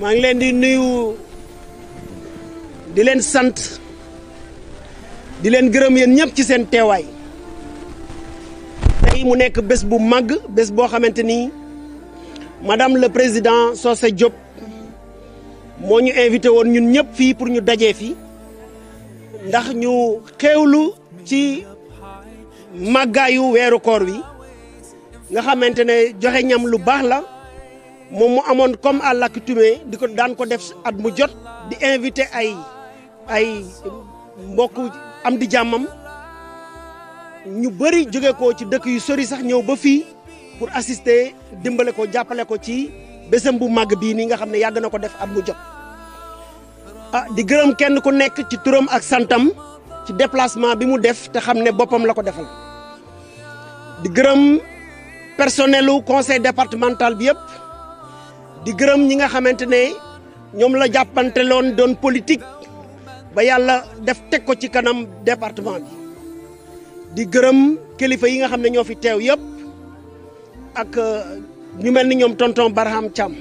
maa ngi leen di nuyu di leen sant di leen gërëm yéen ñëpp ci seen teewaay tey mu nekk bés bu màgg bés boo xamante ni madame la président Socé Diop moo ñu invité woon ñun ñëpp fii pour ñu dajee fii ndax ñu xewlu ci màggaayu weeru koor wi nga xamante ne joxe ñam lu baax la moom mu amoon comme à l'accoutumée di ko daan ko def at mu jot di invité ay ay mbokk am di jàmmam ñu bëri jóge ko ci dëkk yu sori sax ñëw ba fii pour assister dimbale ko jàppale ko ci bésam bu màgg bii nii nga xam ne yàgg na ko def at mu jot ah di gërëm kenn ku nekk ci turam ak santam ci déplacement bi mu def te xam ne boppam la ko defal di gërëm personnelu conseil départemental bi yëpp di gërëm ñi nga xamante ne ñoom la jàppante loon doon politique ba yàlla def teg ko ci kanam département bi di gërëm kilifa yi nga xam ne ñoo fi teew yëpp ak euh, ñu mel ni ñoom tonton Barham Thiam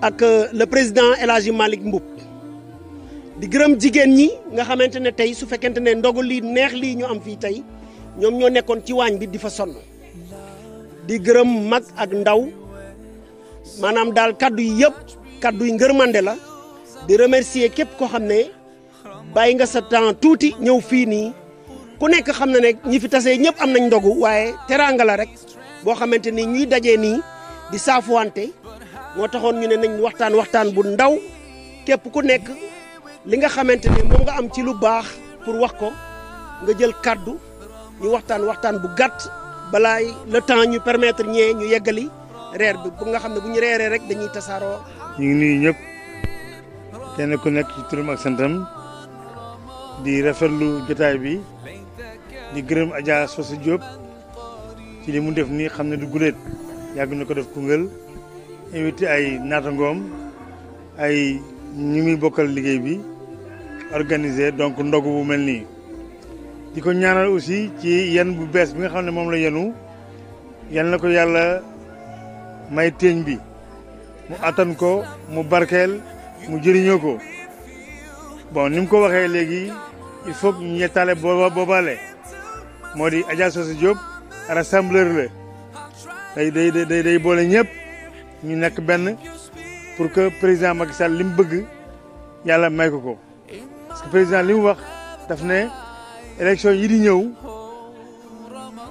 ak euh, le président El Hadji Malick Mboup di gërëm jigéen ñi nga xamante ne tey su fekkente ne ndogu lii neex lii ñu am fii tey ñoom ñoo nekkoon ci waañ bi di fa sonn di gërëm mag ak ndaw maanaam daal kaddu yi yëpp kaddu yi ngërmande la di remercier képp koo xam ne bàyyi nga sa temps tuuti ñëw fii nii ku nekk xam na ne ñi fi tasee ñëpp am nañ ndogu waaye teraanga la rek boo xamante ni ñuy dajee nii di saafuwante moo taxoon ñu ne nañ waxtaan waxtaan bu ndaw képp ku nekk li nga xamante ni moom nga am ci lu baax pour wax ko nga jël kaddu ñu waxtaan waxtaan bu gàtt balaay le temps ñu permettre ñee ñu yeggali reer bi bu nga xam ne bu ñu reeree rek dañuy tasaaroo. ñu ngi nuyu ñëpp kenn ku nekk ci turam ak santam di rafetlu jotaay bi di gërëm Adja Socé Diop ci li mu def nii xam ne du guléet yàgg na ko def Koungheul invité ay ngoom ay ñu muy bokkal liggéey bi organisé donc ndogu bu mel nii. di ko ñaanal aussi ci yenn bu bees bi nga xam ne moom la yenu yal na ko yàlla. may téeñ bi mu attan ko mu barkeel mu jëriñoo ko bon ni mu ko waxee léegi il faut que ñu booba boobaale moo di Adja Socé Diop rassembleur a day day day day boole ñëpp ñu nekk benn pour que président Macky Sall li mu bëgg yàlla may ko ko parce que président li mu wax daf ne élection yi di ñëw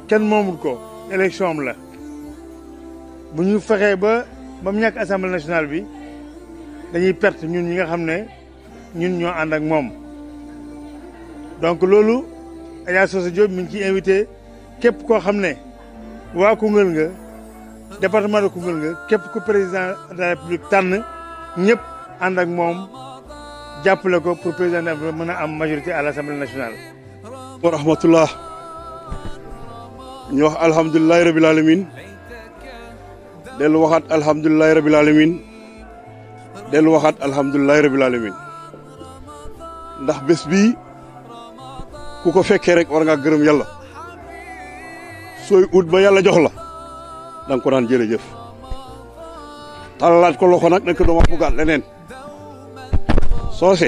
kenn moomul ko élection am la bu ñu fexee ba ba mu ñàkk assemblée nationale bi dañuy perte ñun ñi nga xam ne ñun ñoo ànd ak moom donc loolu Adja Socé Diop mi ngi ciy invité képp koo xam ne waa Koungheul nga département de Koungheul nga képp ku président de République tànn ñëpp ànd ak moom jàppale ko pour président de mën a am majorité à l' assemblée nationale. wa rahmatullah ñu wax alhamdulilahi rabil alamin dellu waxaat alhamdulilahi rabil alamin dellu waxaat alhamdulilahi rabil alamin ndax bés bii ku ko fekkee rek wara ngaa gërëm yàlla sooy ut ba yàlla jox la danga ko naan jërëjëf tàllalaat ko loxo nag nekk dama bëggaat leneen soose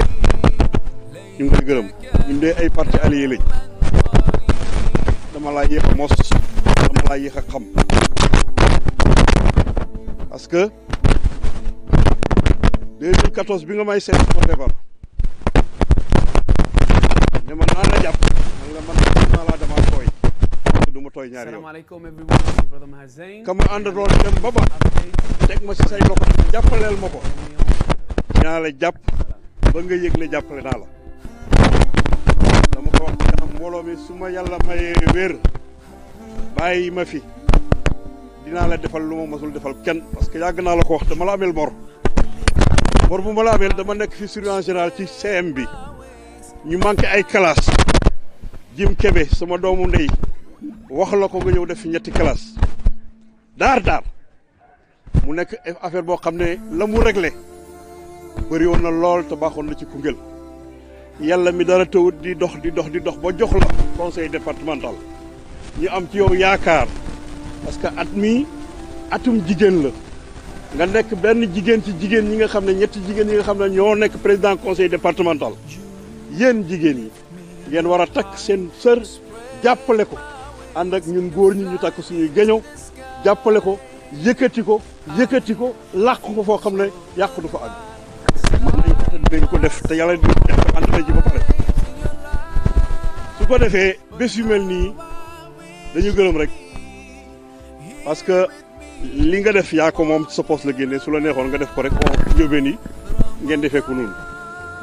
ñu ngi koy gërëm ñun ay parti allié lañ dama laa yéex mos dama laa yéex a parce que 2014 bi nga may seet sama départ ne ma naa la jàpp man man naa laa damaa du ma tooy ñaari yoon ka ma àndaloon dem ba ba teg ma si say loxo jàppaleel ma ko dinaa la jàpp ba nga yëg ne jàppale naa la dama ko wax mbooloo mi su may wér bàyyi ma fi dinaa la defal lu ma mosul defal kenn parce que yàgg naa la ko wax dama la ameel bor bor bu ma la ameel dama nekk fi surveillant général ci CM bi ñu manqué ay classe Jim Kebe sama doomu ndey wax la ko nga ñëw def fi ñetti classe daar daar mu nekk affaire boo xam ne la mu réglé bëri na lool te baaxoon na ci Koungheul yàlla mi dara tëwut di dox di dox di dox ba jox la conseil départemental ñu am ci yow yaakaar parce que at mii atum jigéen la nga nekk benn jigéen ci jigéen ñi nga xam ne ñetti jigéen ñi nga xam ne ñoo nekk président conseil départemental yéen jigéen yi ngeen war a takk seen sër jàppale ko ànd ak ñun góor ñi ñu takk suñuy géño jàppale ko yëkkati ko yëkkati ko làq ko foo xam ne yàq du fa àgg ko dinañ def te yàlla dinañ ji ba su ko defee bés yu mel nii dañu gërëm rek parce que li nga def yaa ko moom sa poos la génne su la neexoon nga def ko rek on jóbeen yi ngeen defee ku noonu.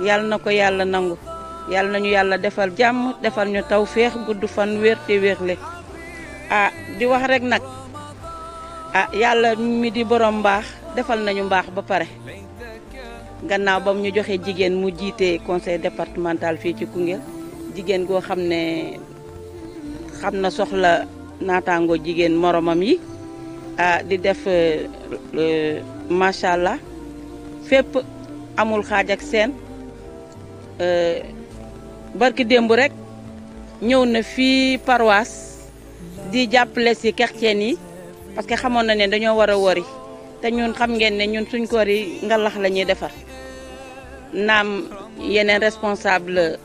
yàlla na ko yàlla nangu yàlla nañu yàlla defal jàmm defal ñu taw féex gudd fan wér te wéerle ah di wax rek nag ah yàlla mi di borom mbaax defal nañu mbaax ba pare gannaaw bam ñu joxee jigéen mu jiitee conseil départemental fii ci Koungheul jigéen goo xam ne xam na soxla naataango jigéen moroomam yi ah di def euh, euh, macha allah fépp amul xaaj ak seen euh, barki démb rek ñëw na fii paroisse di jàppale si kerceen yi parce que xamoon na ne dañoo war a wori te ñun xam ngeen ne ñun suñ koor yi ngalax la ñuy defar naam yeneen responsable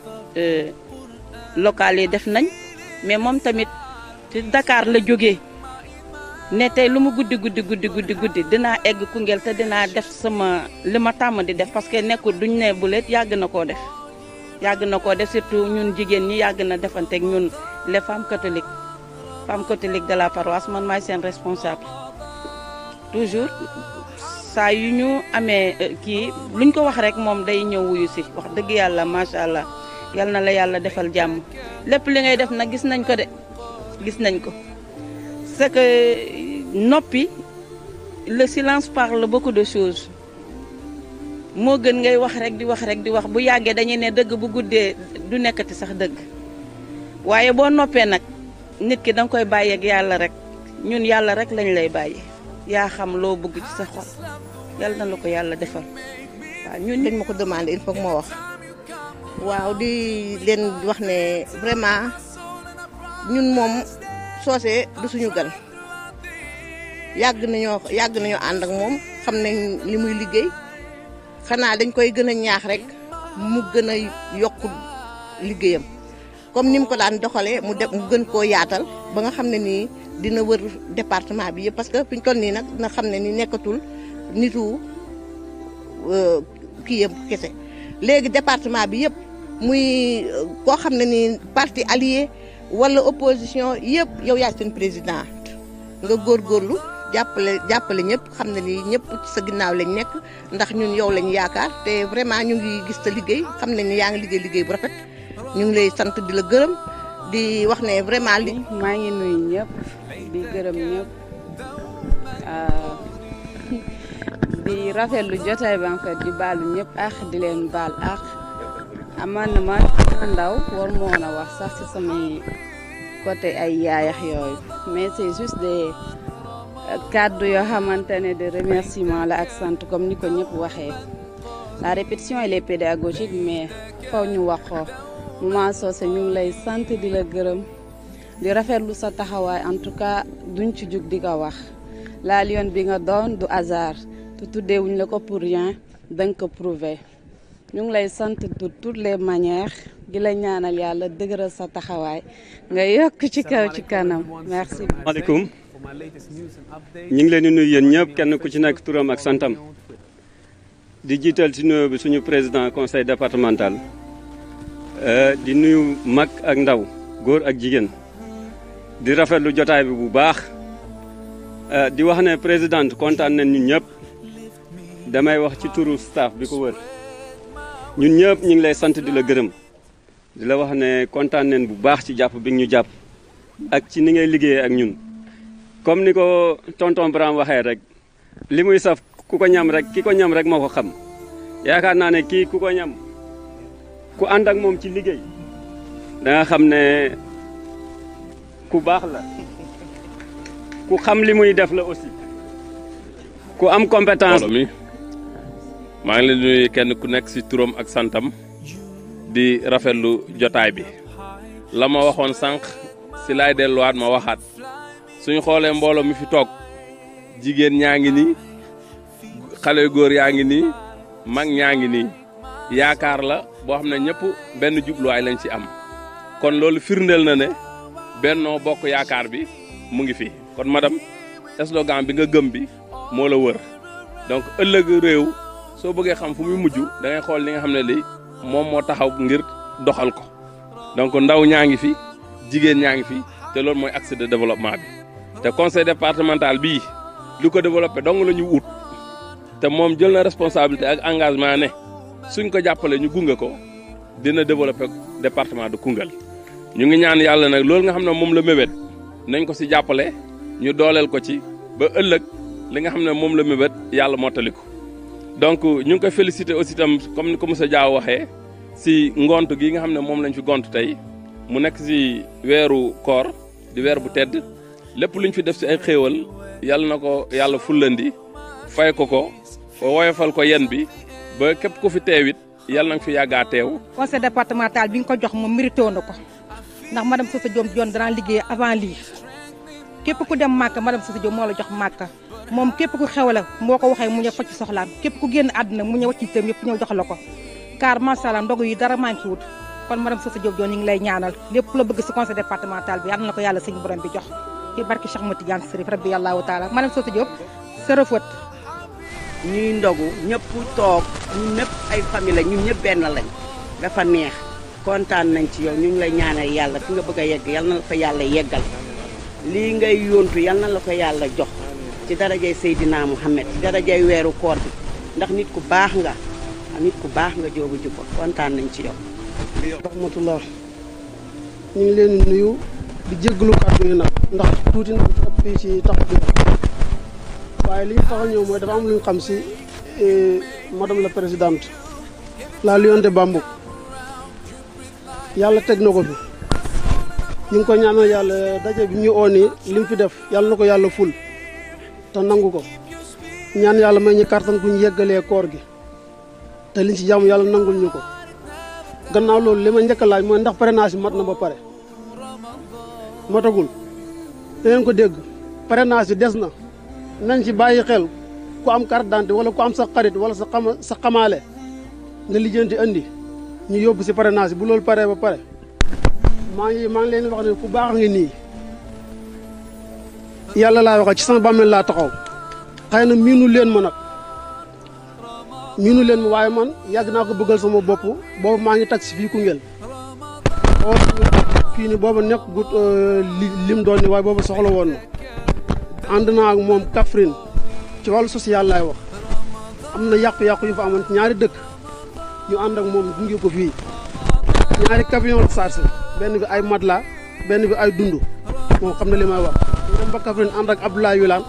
local yi def nañ mais moom tamit ci Dakar la jóge ne tey lu mu guddi guddi guddi guddi guddi dinaa egg Koungheul te dinaa def sama li ma tàmm di def parce que nekkul duñ ne bulet yàgg na koo def yàgg na koo def surtout ñun jigéen ñi yàgg na defante defanteeg ñun les femmes catholiques femmes catholiques de la paroisse man maay seen responsable toujours saa yu ñu amee euh, kii lu luñ ko wax rek moom day ñëw wuyu si wax dëgg yàlla macha allah yal na la yàlla defal jàmm lépp li ngay def nag gis nañ ko de gis nañ ko c'est noppi le silence parle beaucoup de choses moo gën ngay wax rek di wax rek di wax bu yàggee dañuy ne dëgg bu guddee du nekkati sax dëgg waaye boo noppee nag nit ki danga koy bàyyi yàlla rek ñun yàlla rek lañ lay bàyyi yaa xam loo bugg ci sa xol yàlla na la ko yàlla defal waaw ñun dañ ma ko demandé il faut que ma wax waaw di leen wax ne vraiment ñun moom soose du suñu gan yàgg nañoo yàgg nañu ànd ak moom xam nañ li muy liggéey xanaa dañ koy gën a ñaax rek mu gën a yokk liggéeyam comme ni mu ko daan doxalee mu dem mu gën koo yaatal ba nga xam ne nii dina wër département bi yëpp parce que fi ñu toll nii nag dina xam ne ni nekkatul nitu euh, kii yëpp kese léegi département bi yëpp muy euh, koo xam ne nii parti allié wala opposition yëpp yow yaay seen président nga góor góorlu jàppale jàppale ñëpp xam na ni ñëpp sa ginnaaw lañ nekk ndax ñun yow lañ yaakaar te vraiment ñu ngi gis sa liggéey xam nañ ne yaa ngi liggéey liggéey bu rafet ñu ngi lay sant di la gërëm di wax ne vraiment li maa ngi nuyu ñëpp di gërëm ñëpp di rafetlu jotaay bi en fait di baalu ñëpp ak di leen baal ak amaan na ma ndaw war moo na wax sax ci samay côté ay yaayax yooyu kàddu yoo xamante ne de remerciement la ak sant comme ni ko ñëpp waxee la répétition elle est pédagogique mais faw ñu wax ko Maman Socé ñu ngi lay sant di la gërëm di rafetlu sa taxawaay en tout cas duñ ci jug di ko wax la lion bi nga doon du hasard te tuddee la ko pour rien danga ko prouver ñu ngi lay sant de toutes les manières di la ñaanal yàlla dëgëral sa taxawaay nga yokk ci kaw ci kanam merci. maaleykum. ñu ngi leen di nuyu yéen ñëpp kenn ku ci nekk turam ak santam di jiital si nuyoo bi suñu président conseil départemental euh, di nuyu mag ak ndaw góor ak jigéen di rafetlu jotaay bi bu baax euh, di wax ne présidente kontaan nañ ñun ñëpp damay wax ci turu staff bi ko wër ñun ñëpp ñu ngi lay sant di la gërëm di la wax ne kontaan nañ bu baax ci jàpp bi ñu jàpp ak ci ni ngay liggéeyee ak ñun. comme ni ko tonton Birame waxee rek li muy saf ku ko ñam rek ki ko ñam rek moo ko xam yaakaar naa ne kii ku ko ñam ku ànd ak moom ci liggéey danga xam ne ku baax la ku xam li muy def la aussi ku am compétence mi maa ngi leen kenn ku nekk si turam ak santam di rafetlu jotaay bi la ma waxoon sànq ci laay delluwaat ma waxaat suñu xoolee mbooloo mi fi toog jigéen ñaa ngi nii xale góor yaa ngi nii mag ñaa ngi nii yaakaar la boo xam ne ñëpp benn jubluwaay lañ ci am kon loolu firndeel na ne bennoo bokk yaakaar bi mu ngi fi kon madame slogan bi nga gëm bi moo la wër donc ëllëg réew soo bëggee xam fu muy mujj da xool li nga xam ne li moom moo taxaw ngir doxal ko donc ndaw ñaa ngi fi jigéen ñaa ngi fi te loolu mooy axe de développement bi te conseil départemental bii lu ko développé dong la ñu ut te moom jël na responsabilité ak engagement ne suñ ko jàppale ñu gunge ko dina développé département de Koungheul ñu ngi ñaan yàlla nag loolu nga xam ne moom la mébét nañ ko si jàppale ñu dooleel ko ci ba ëllëg li nga xam ne moom la mébét yàlla mottali ko donc ñu ngi ko félicité aussi tam comme ni ko monsieur Diaw waxee si ngont gi nga xam ne moom lañ fi gont tey mu nekk si weeru koor di weer bu tedd lépp lu ñu fi def ci ay xéewal yàlla na ko yàlla fullandi fay ko ko woyofal ko yen bi ba képp ku fi teewit yàlla na nga fi yàggaa teew conseil départemental bi nga ko jox moom mérité woon na ko ndax madame sa Diom joon danaa liggéey avant lii képp ku dem màkk madame Sosa Diom moo la jox màkk moom képp ku xewle moo ko waxee mu ñëw fa ci soxlaam képp ku génn àdduna mu ñëw wacc itam yëpp ñëw jox la ko car macha allah ndogu yi dara maa wut kon madame Sosa Diop Dione ñu ngi lay ñaanal lépp la bëgg na ko yàlla suñu borom bi jox ci barke Cheikh Mouti Diagne Serif rabbi yàllaahu taala madame Sota toog ñun ay famille la ñun ñëpp benn lañ dafa neex kontaan nañ ci yow ñu ngi lay ñaanal yàlla fi nga bëgg a yegg yal na la fa yàlla yeggal lii ngay yóontu yal na la ko yàlla jox ci darajay Seydina Muhammad ci darajay weeru koor bi ndax nit ku baax nga nit ku baax nga joobu jikko kontaan nañ ci yow. ñu leen nuyu. di jégalu kàddu yi nag ndax tuuti nag fii ci taxu bi waaye li ñu tax a ñëw mooy dafa am lu ñu xam si eh, madame la présidente la Lionne de Bambouk yàlla teg na ko fi ñu ngi ko ñaanal yàlla daje bi ñu oo nii li mu fi def yàlla na ko yàlla ful te nangu ko ñaan yàlla may ñu kàttan ku ñu yeggalee koor gi te li ci jàmm yàlla nangul ñu ko gannaaw loolu li ma njëkk laaj mooy ndax parrainage bi mat na ba pare ma matagul dangeen ko dégg parrainage bi des na nañ ci bàyyi xel ku am carte d'identité wala ku am sa xarit wala sa xama sa xamaale nga lijjanti andi ñu yóbbu si parrainage bu loolu paree ba pare maa ngi maa ngi leen wax ne ku baax ngi nii yàlla laa waxee ci sama bàmmeel laa taxaw xëy na miinu leen ma nag miinu leen ma waaye man yàgg naa ko bëggal sama bopp boobu maa ngi tax si fii Koungheul fii ni booba nekk gut euh, lim doon ni waaye booba soxla woon na ànd naa moom Kaffrine ci wàllu social laay wax am na yàqu-yàqu yu fa amoon ñaari dëkk ñu ànd ak moom gunge ko fii ñaari camion sarse benn bi ay matla benn bi ay dund na li may wax ñu dem ba Kaffrine ànd ak Abdoulaye Wilane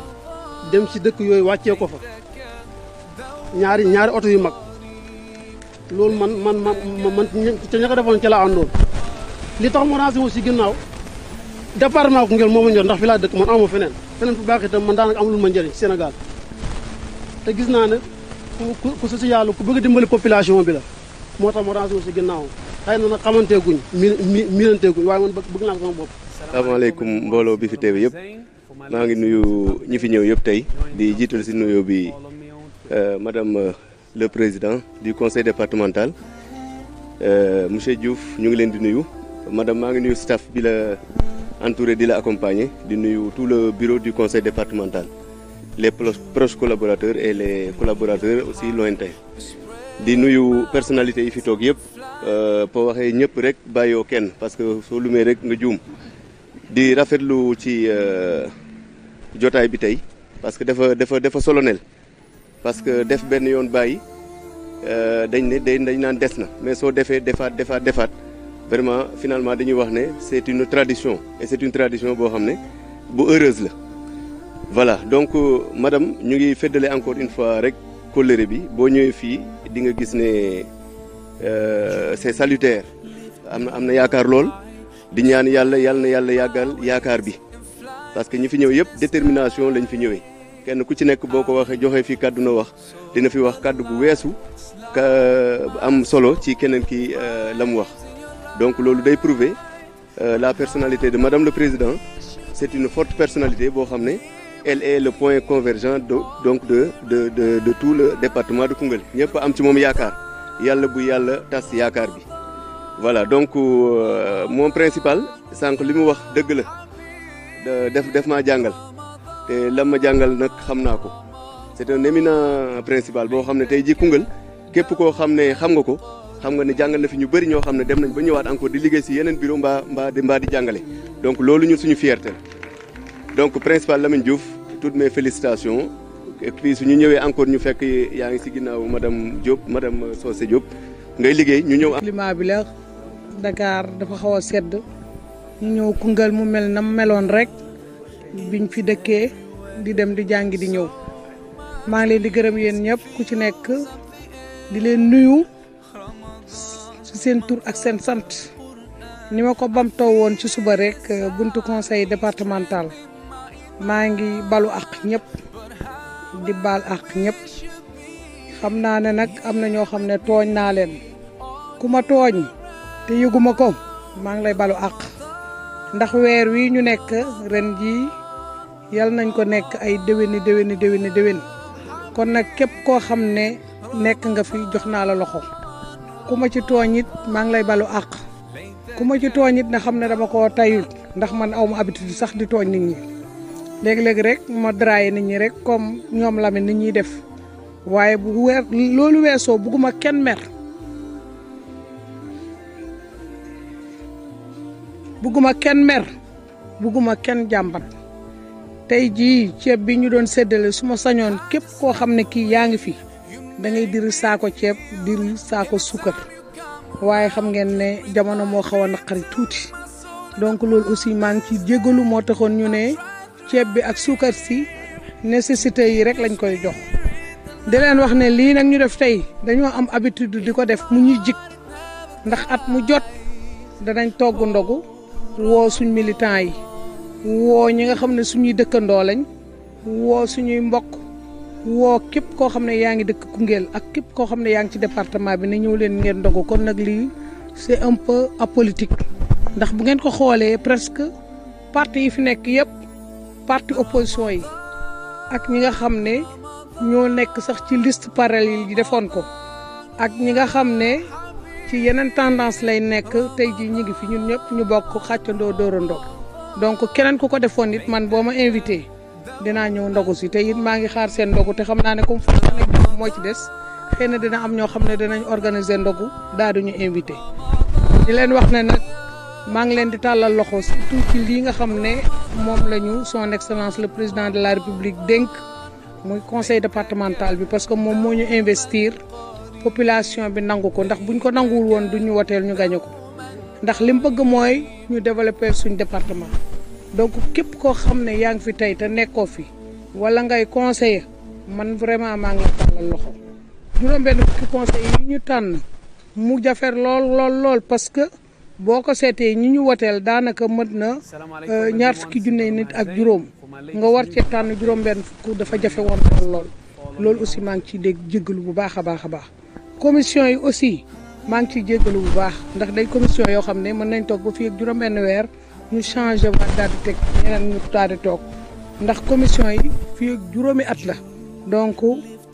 dem ci dëkk yooyu wàccee ko fa ñaari ñaari oto yu mag loolu man man man man ca ña ko defoon ca la àndoon li tax mu rangé wu si ginnaaw département Koungheul moo ma ñor ndax fi laa dëkk man amu feneen feneen fu baax itam man daanaka amul ma ci Sénégal te gis naa ne ku ku su si ku bëgg dimbali population bi la moo tax mu rangé wu si ginnaaw xëy na nag xamante guñ mi mi miinante guñ waaye man bëgg naa ko sama bopp. salaamaaleykum mbooloo bi fi teew yëpp maa ngi nuyu ñi fi ñëw yëpp tey di jiital si nuyoo bi euh, madame euh, le président du conseil départemental euh, monsieur Diouf ñu ngi leen di nuyu. madame maa ngi nuyu staff bi la entouré di la accompagner di nuyu tout le bureau du conseil départemental les proches collaborateurs et les collaborateurs aussi lointains di nuyu personalité yi fi toog yëpp euh, boo waxee ñëpp rek bàyyoo kenn parce que soo lumee rek nga juum di rafetlu ci euh, jotaay bi tey parce que dafa dafa dafa solennel parce que def benn yoon bàyyi euh, dañ ne dañ dañ naan des na mais soo defee defaat defaat defaat vraiment finalement dañuy wax ne c'est une tradition et c'est une tradition boo xam ne bu heureuse la voilà donc euh, madame ñu ngi feddale encore une fois rek kóllëre bi boo ñëwee fii di nga gis ne euh, c'est salutaire am na am na yaakaar lool di ñaan yàlla yàlla na yàlla yàggal yaakaar bi parce que ñi fi ñëw yépp détermination lañ fi ñëwee kenn ku ci nekk boo ko waxee joxe fii kàddu na wax dina fi wax kàddu bu weesu am solo ci keneen ki euh, la mu wax donc loolu day prouver euh, la personalité de madame le président c'est une forte personalité boo xam ne elle le point convergent de donc de de de de tout le département de Koungheul ñëpp am ci moom yaakaar yàlla bu yàlla tas yaakaar bi voilà donc euh, moom principal sànq li mu wax dëgg la def def maa jàngal te lam ma jàngal nag xam naa ko c'est un éminent principal boo xam ne tey ji Koungheul képp koo xam ne xam nga ko xam nga ne jàngal na fi ñu bëri ñoo xam ne dem nañ ba ñëwaat encore di liggéey si yeneen bureau mbaa mbaa di jàngale donc loolu ñun suñu fierté la donc principal Lamine Diouf toutes mes félicitations et puis ñu ñëwee encore ñu fekk yaa ngi si ginnaaw madame Diop madame Socé job ngay liggéey ñu ñëw. climat bi la Dakar dafa xaw a sedd ñu ñëw Koungheul mu mel na mu meloon rek biñ fi dëkkee di dem di jàngi di ñëw maa ngi leen di gërëm yéen ñëpp ku ci nekk di leen nuyu. ci seen tur ak seen sant ni ma ko bamtoo woon ci suba rek euh, buntu conseil départemental maa ngi balu ak ñépp di bal ak ñëpp xam naa ne nag am na ñoo xam ne tooñ naa leen ku ma tooñ te yëguma ko maa ngi lay balu ak ndax weer wii ñu nekk ren jii yal nañ ko nekk ay déwéni déwéni déwéni déwén kon nag képp koo xam ne nekk nga fi jox naa la loxo ku ma ci tooñ it maa ngi lay balu àq ku ma ci tooñ it na xam ne dama koo tayul ndax man aw ma sax di tooñ nit ñi léegi-léegi rek ma draye nit ñi rek comme ñoom lamit nit ñuy def waaye loolu weesoo bugguma kenn mer bugguma kenn mer bugguma kenn jàmbat tey jii ceeb bi ñu doon séddale su ma sañoon képp koo xam ne kii yaa ngi fi da ngay diri saako ceeb diri saako suukar waaye xam ngeen ne jamono moo xaw a naqari tuuti donc loolu aussi maa ngi ci jégalu moo taxoon ñu ne ceeb bi ak suukar si nécessité yi rek lañ koy jox. di leen wax ne lii nag ñu def tey dañoo am habitude di ko def mu ñuy jig ndax at mu jot danañ togg ndogu woo suñ militant yi woo ñi nga xam ne suñuy dëkkandoo lañ woo suñuy mbokk. woo képp koo xam ne yaa ngi dëkk Koungheul ak képp koo xam ne yaa ngi ci département bi ne ñëw leen ngeen dogu kon nag lii c'est un peu apolitique ndax bu ngeen ko xoolee presque parti yi fi nekk yëpp parti opposition yi ak ñi nga xam ne ñoo nekk sax ci liste parallèle yi defoon ko ak ñi nga xam ne ci yeneen tendance lay nekk tey jii ñu ngi fi ñun ñëpp ñu bokk xàccandoo dóorandoo donc keneen ku ko defoon it man boo ma invité dinaa ñëw ndogu si te it maa ngi xaar seen ndogu te xam naa ne comme fan nekk moo ci des xëy na dina am ñoo xam ne dinañ organiser ndogu daal ñu invité di leen wax ne nag maa ngi leen di tàllal loxo surtout ci lii nga xam ne moom la ñu son excellence le président de la république dénk muy conseil départemental bi parce que moom moo ñu investir population bi nangu ko ndax buñ ko nanguwul woon du ñu woteel ñu gañe ko ndax li bëgg mooy ñu développer suñ département donc képp koo xam ne yaa ngi fi tey te nekkoo fi wala ngay conseiller man vraiment maa ngi la loxo juróom-benn fukki conseil yi ñu tànn mu jafeer lool lool lool parce que boo ko seetee ñi ñu woteel daanaka mët na euh, ñaar fukki junne nit ak juróom nga war cee tànn juróom-benn fukk dafa jafe woon lool lool loolu aussi maa ngi ciy dégg jéggalu bu baax a baax a baax commission yi aussi maa ngi ciy jéggalu bu baax ndax day commission yoo xam ne mën nañ toog ba fii juróom-benn weer ñu changé waat daal di teg ñeneen ñu daal di toog ndax commission yi fi juróomi at la donc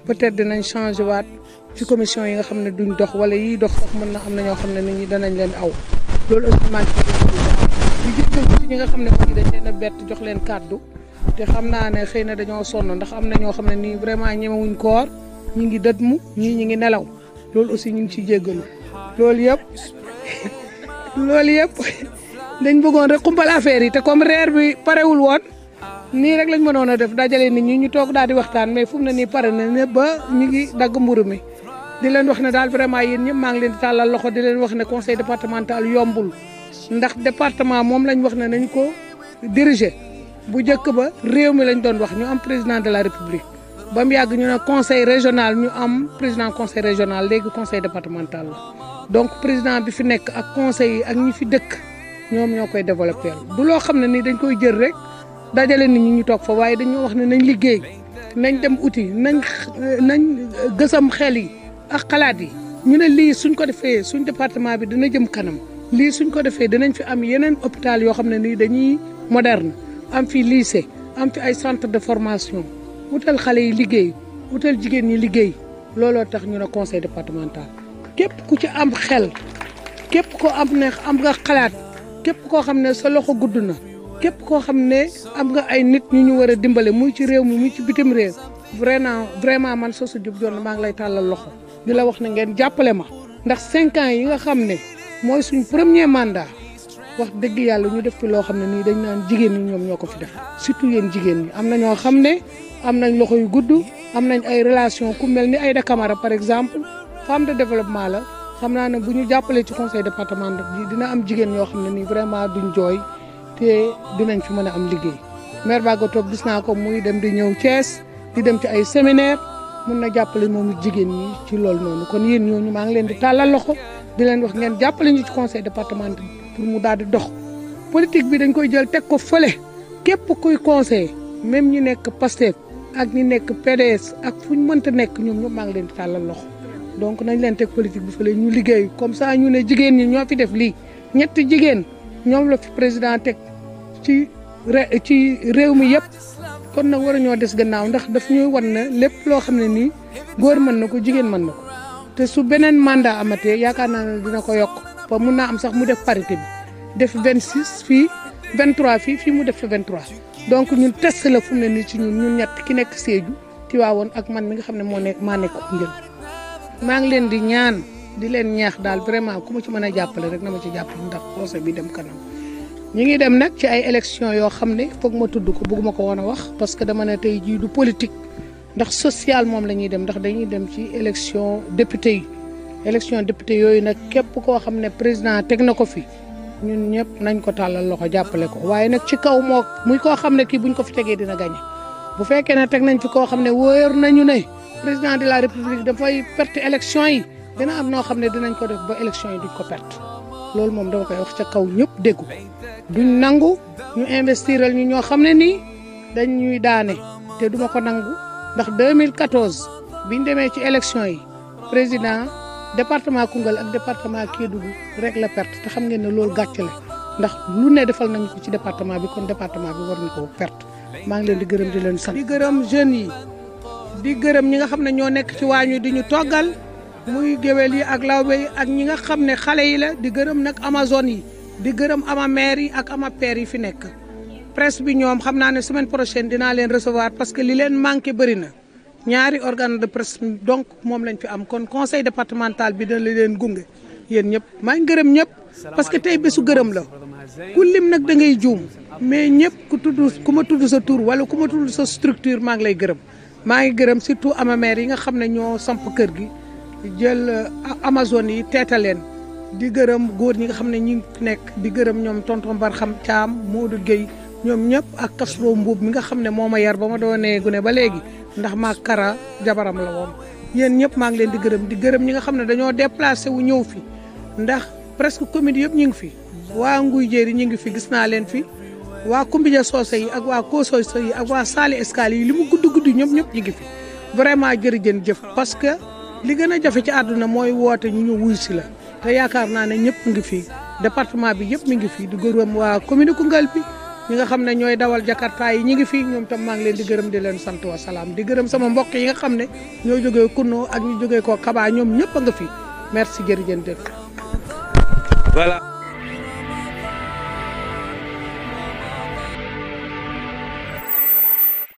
peut di nañ changé waat ci commission yi nga xam ne duñ dox wala yiy dox mën na am na ñoo xam ne nit ñi danañ leen aw loolu aussi man ñi nga xam ne aussi dañ leen jox leen kàddu te xam naa ne xëy na dañoo sonn ndax am na ñoo xam ne nii vraiment ñemewuñ koor ñi ngi dëtmu ñii ñi ngi nelaw loolu aussi ñu ngi ciy jéggalu loolu yëpp loolu yëpp dañ bëggoon rek xumpal affaire yi te comme reer bi parewul woon nii rek lañ mënoon a def dajale nit ñi ñu toog daal di waxtaan mais fu mu ne nii pare na ne ba ñu ngi dagg mburu mi. di leen wax ne daal vraiment yéen ñëpp maa ngi leen di tàllal loxo di leen wax ne conseil départemental yombul ndax département moom lañ wax ne nañu ko diriger bu njëkk ba réew mi lañ doon wax ñu am président de la république. ba mu yàgg ñu ne conseil régional ñu am président conseil régional léegi conseil départemental la ak conseil fi dëkk. ñoom ñoo koy développé du loo xam ne nii dañ koy jël rek dajale ni ñu ñu toog fa waaye dañoo wax ne nañ liggéey nañ dem uti nañ nañ gësam xel yi ak xalaat yi ñu ne lii suñ ko defee suñ département bi dana jëm kanam lii suñ ko defee danañ fi am yeneen hôpital yoo xam ne nii dañuy moderne am fi lycée am fi ay centre de formation wutal xale yi liggéey wutal jigéen ñi liggéey looloo tax ñu ne conseil départemental képp ku ci am xel képp ko am neex am nga xalaat képp koo xam ne sa loxo gudd na képp koo xam ne am nga ay nit ñu ñu war a dimbale muy ci réew mi muy ci bitim réew vraiment vraiment man Soxna Diop Dione maa ngi lay tàllal loxo di la wax na ngeen jàppale ma ndax cinq ans yi nga xam ne mooy suñ premier mandat wax dëgg yàlla ñu def fi loo xam ne nii dañ naan jigéen ñi ñoom ñoo ko fi def surtout yéen jigéen mi am na ñoo xam ne am nañ loxo yu gudd am nañ ay relation ku mel ni Aïda Camara par exemple femme de développement la xam naa ne bu ñu jàppalee ci conseil départemental bi dina am jigéen ñoo xam ne nii vraiment duñ jooy te dinañ fi mën a am liggéey maire Baga toog gis naa ko muy dem di ñëw Thiès di dem ci ay séminaire mun na jàppale moom jigéen ñi ci loolu noonu kon yéen ñooñu maa ngi leen di tàllal loxo di leen wax ngeen jàppale ñu ci conseil départemental pour mu daal di dox. politique bi dañ koy jël teg ko fële képp kuy conseil même ñu nekk Pastef ak ñu nekk PDS ak fu ñu mënta nekk ñoom ñoom maa ngi leen di tàllal loxo. donc nañ leen teg politique bu fële ñu liggéey comme ça ñu ne jigéen ñi ñoo fi def lii ñetti jigéen ñoom la fi président teg ci ci réew mi yëpp kon nag war a ñoo des gannaaw ndax daf ñuy wan na lépp loo xam ne nii góor mën na ko jigéen mën na ko te su beneen mandat amatee yaakaar naa ne dina ko yokk ba mun naa am sax mu def parité bi def vingt six fii vingt trois fii fii mu def fa vingt trois donc ñun test la fu mu ne nii ci ñun ñun ñett ki nekk Sédhiou Tivaouane ak man mi nga xam ne moo nekk maa nekk njël maa ngi leen di ñaan di leen ñaax daal vraiment ku ma ci mën a jàppale rek na ma ci jàppale ndax projet bi dem kanam ñu ngi dem nag ci ay élection yoo xam ne foog ma tudd ko bëgguma ko woon a wax parce que dama ne tey jii du politique ndax social moom la dem ndax dañuy dem ci élection député yi élection député yooyu nag képp koo xam ne président teg na ko fi ñun ñëpp nañ ko tàllal loxo jàppale ko waaye nag ci kaw moo muy koo xam ne kii buñ ko fi tegee dina gañe bu fekkee ne teg nañ fi koo xam ne wóor nañu ne président de la république dafay perte élection yi dina am noo xam ne dinañ ko def ba élection yi di ko perte loolu moom dama koy wax ca kaw ñëpp déggu duñ nangu ñu investiral ñu ñoo xam ne nii dañ ñuy daane te duma ko nangu ndax 2014 biñ demee ci élection yi président département Koungheul ak département Kédougou rek la perte te xam ngeen ne loolu gàcce la ndax lu ne defal nañ ko ci département bi kon département bi war ñu ko perte maa ngi leen di gërëm di leen sant. di gërëm jeunes yi. di gërëm ñi nga xam ne ñoo nekk ci waañu di ñu toggal muy géwél yi ak lawbe yi ak ñi nga xam ne xale yi la di gërëm nag amazon yi di gërëm ama maire yi ak ama père yi fi nekk presse bi ñoom xam naa ne semaine prochaine dinaa leen recevoir parce que li leen manqué bëri na ñaari organe de presse donc moom lañ fi am kon conseil départemental bi dina leen gunge yéen ñëpp maa ngi gërëm ñëpp parce que tey bésu gërëm la ku lim nag da ngay juum mais ñëpp ku tudd ku ma tudd sa tur wala ku ma tudd sa maa ngi lay gërëm maa ngi gërëm surtout ama yi nga xam ne ñoo samp kër gi jël euh, amazone yi teeta leen di gërëm góor ñi nga xam ne ñu ngi nekk di gërëm ñoom tonton Barxam Thiam Modou Guèye ñoom ñëpp ak Kasro Mbuub mi nga xam ne moo ma yar ba ma doonee gune ba léegi ndax maa kara jabaram la woon yéen ñëpp maa ngi leen di gërëm di gërëm ñi nga xam ne dañoo déplacé wu ñëw fi ndax presque commune yëpp ñu ngi fi waa nguy jéeri ñu ngi fi gis naa leen fi waa Kumbija Soose yi ak waa Koso yi ak waa Saali Escale yi li mu gudd gudd ñëpp ñëpp ñu ngi fi vraiment jërëjën jëf parce que li gën a jafe ci àdduna mooy woote ñu ñëw wuy si la te yaakaar naa ne ñëpp ngi fi département bi yëpp mi ngi fi di gërëm waa commune Koungheul bi ñi nga xam ne ñooy dawal jakarta yi ñi ngi fi ñoom tam maa ngi leen di gërëm di leen sant wa salaam di gërëm sama mbokk yi nga xam ne ñoo jógee Kounou ak ñu jógee ko Kaba ñoom ñëpp a nga fi merci jërëjën jëf voilà